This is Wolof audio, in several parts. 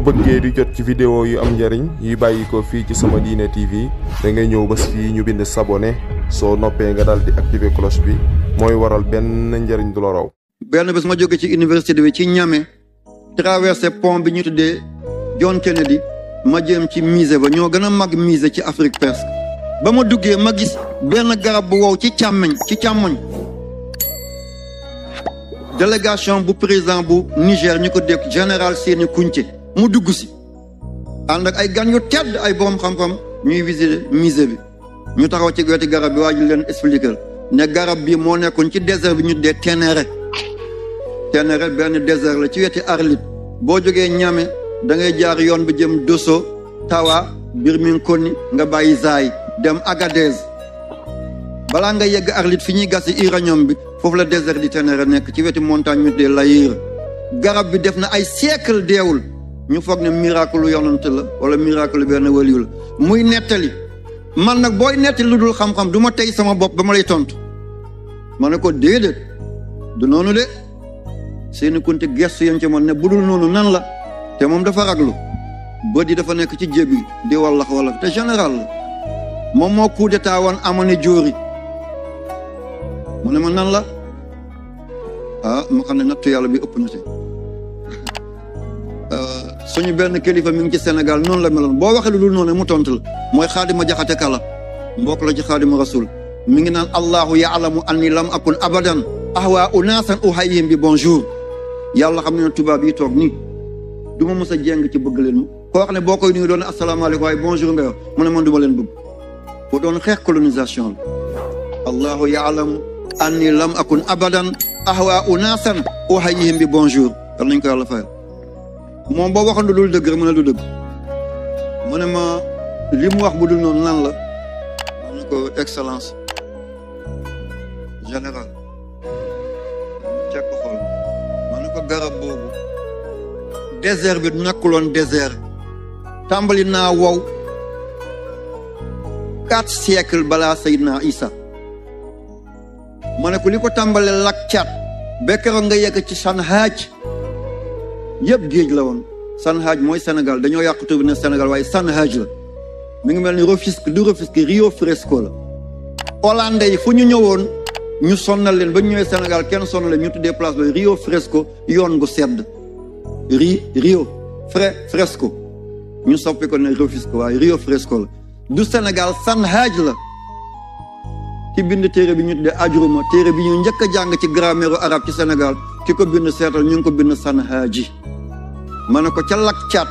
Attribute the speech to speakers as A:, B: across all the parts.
A: bëggee di jot ci vidéo yi am njëriñ yi bàyyi ko fii ci sama diine TV da ñëw bés fii ñu bind sabonné soo noppee nga daal di activer cloche bi mooy waral benn njëriñ du la raw. benn bés ma joge ci université bi ci Niamey traversé pont bi ñu tuddee John Kennedy ma jëm ci musée ba ñoo gën a mag musée ci Afrique presque ba ma duggee ma gis benn garab bu wow ci càmmoñ ci càmmoñ délégation président bu Niger ñu ko dégg général Séni Kountché. mu dugg si ànd ak ay gan yu tedd ay borom xam-xam ñuy visiter musée bi ñu taxaw ci weti garab bi waa leen expliquer ne garab bi moo nekkoon ci désert bi ñu dee Ténéré Ténéré benn désert la ci weti Arlit boo jógee ñame da ngay jaar yoon bi jëm Dosso Tawa Birmingham nga bàyyi Zaïre dem Agadez balaa nga yegg Arlit fi ñuy gas gasi uranium bi foofu la désert di Ténéré nekk ci weti montagne ñu dee Layir garab bi def na ay siècle deewul ñu foog ne miracle yonent la wala miracle benn waliyu la muy nettali man nag booy nettali lu dul xam-xam du ma tey sama bopp ba ma lay tontu ma ne ko déedéet du noonu de seeni kunte gestu yam ci man ne bu dul noonu nan la te moom dafa raglu bët di dafa nekk ci jébi di wallax wallax te général la moom moo coup d'état woon amane jóori mu ne ma nan la ah ma xam ne nattu yàlla bi ëpp na te suñu benn kilifa mi ngi ci Sénégal noonu la meloon boo waxee lu dul noonu mu tontu la mooy xaadima jaxate kala mbokk la ci xaadima rasul mi ngi naan allahu yaalamu anni lam a akun abadan ahwa unaasan uhayim bi bonjour yàlla xam ne ne tubaab yi toog nii du ma mës a jéng ci bëgg leen koo wax ne boo koy nuyu doon asalaamaaleykum waaye bonjour nga wax mu ne man du ma leen bëgg bu doon xeex colonisation la allahu yaalamu anni lam akun abadan ahwa unaasan uhayihim bi bonjour yal nañ ko yàlla moom boo waxoon lu dëgg rek mu ne du dëgg mu a ma li mu wax bu dul noonu lan la ma ne ko excellence général cekk xool ko garab boobu désert bi nekkuloon désert tàmbali naa wow quatre siècles balaa Seydina Isa ma ne ko li ko tàmbalee lakk caat ba nga yegg ci Sanhaj yëpp géej la woon Sanhaj mooy senegal dañoo yàq tur bi ne Sénégal waaye la mi ngi mel ni Rufisque du Rufisque Rio Fresco la. Hollandais yi fu ñu ñëwoon ñu sonnal leen ba ñu ñëwee Sénégal kenn sonnal leen ñu tuddee place ba Rio Fresco yoon gu sedd ri Rio fre Fresco ñu soppi ko ne Rufisque waaye Rio Fresco la du Sénégal Sanhaj la. ki bind téere bi ñu tuddee ajuruma téere bi ñu njëkk a jàng ci grammaire arabe ci Sénégal ki ko bind seetal ñu ngi ko bind Sanhaaji ma ko ca lak cat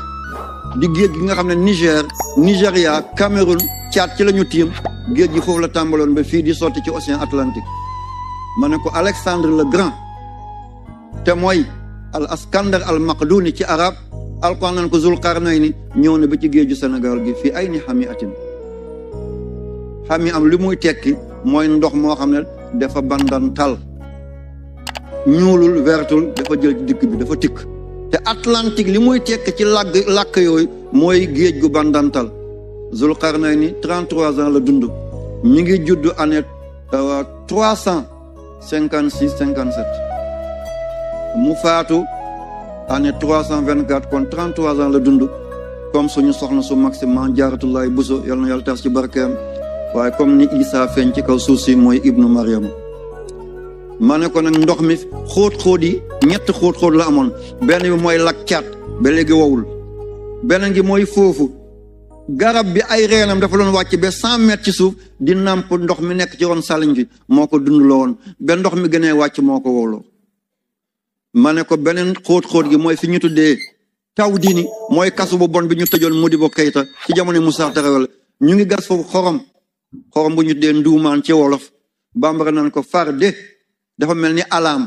A: di géej gi nga Niger Nigeria Cameroun chat ci lañu Tim, tiim gi fofu la tambalon ba fi di sotti ci océan Atlantique ma ko Alexandre le Grand te moy al askandar al maqduni ci arab al qanan ko zulqarnayni ñëw na ba ci geejju Sénégal gi fi ay ni atin am lu muy tekki moy ndox mo xam dafa bandantal ñuulul vertul dafa jël ci dikk bi dafa tik te Atlantique li muy tekk ci làgg làkk yooyu mooy géej gu bandantal Zulqarnayni 33 ans la dund ñi ngi judd année 356 euh, 57 mu faatu année 324 kon 33 ans la dund comme suñu soxna su maximum jaaratullaay buso yal na yàlla taas ci barkeem waaye comme ni Isaa feeñ ci kaw suuf si mooy ibnu Mariam mané ko nak ndokh mi xoot xóot yi ñett xoot xoot la amon benn bi lak ciat ba léegi wawul beneen gi moy fofu garab bi ay reenam dafa doon wacc be 100 mètres ci suuf di ndokh mi nek ci ron bi moko ko dund lo won ba ndokh mi gëné wacc moko wawlo mané ko benen xoot xoot gi moy fi ñu tuddé tawdini moy kasu bu bon bi ñu tëjoon Modibo kayta ci jamono musa Tarawele ñu ngi gas fofu xorom xorom bu ñu tuddé nduuman ci wolof bambara nan ko far dafa mel ni alaam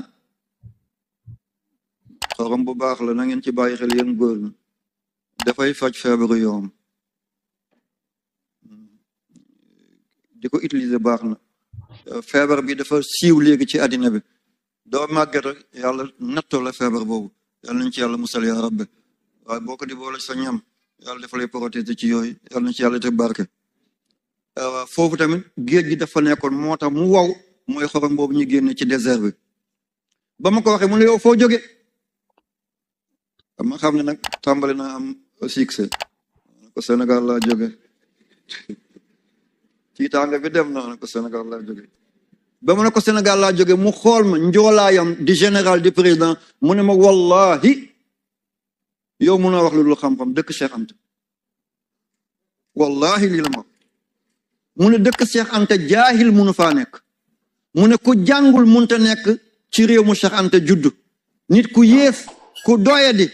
A: xorom bu baax la na ngeen ci bàyyi xel yéen góor ñi dafay faj feebaru yoom di ko utiliser baax na feebar bi defa siiw léegi ci àddina bi doo màgget rek yàlla natto la feebar boobu yàlla nañ ci yàlla musal yaa rabbi waaye boo ko di boole sa ñam yàlla dafa lay protéger ci yooyu yàlla nañ ci yàlla te barke foofu tamit géej gi dafa nekkoon moo tax mu waw mooy xorom boobu ñu génn ci désert bi ba ma ko waxee mu ne yow foo jóge dama xam ne nag tàmbali naa am succès ko Sénégal laa jóge tiitaanga bi dem na ko Sénégal laa jóge ba ma ne ko Sénégal laa jóge mu xool ma njoolaayam di général di président mu ne ma wallahi yow mun naa wax lu dul xam-xam dëkk Cheikh Anta wallahi lii la ma mu ne dëkk Cheikh Anta jaahil munu faa nekk mu ne jangul jàngul munta nek ci rew mu Cheikh Anta nit ku yef ku doyadi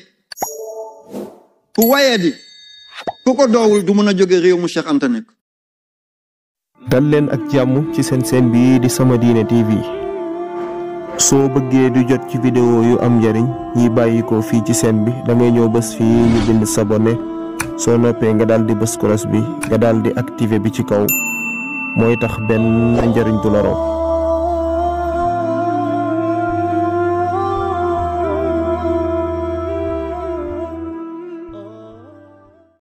A: ku wayadi ku ko dowul du mën joge rew mu Cheikh dal len ak jamm ci sen sen bi di sama dine tv So bëggee du jot ci vidéo yu am njariñ ñi bayiko ko ci sen bi da ngay ñëw bés fi ñu bind sabone so noppé nga dal di bés cross bi nga dal di aktive bi ci kaw moy tax ben njariñ du la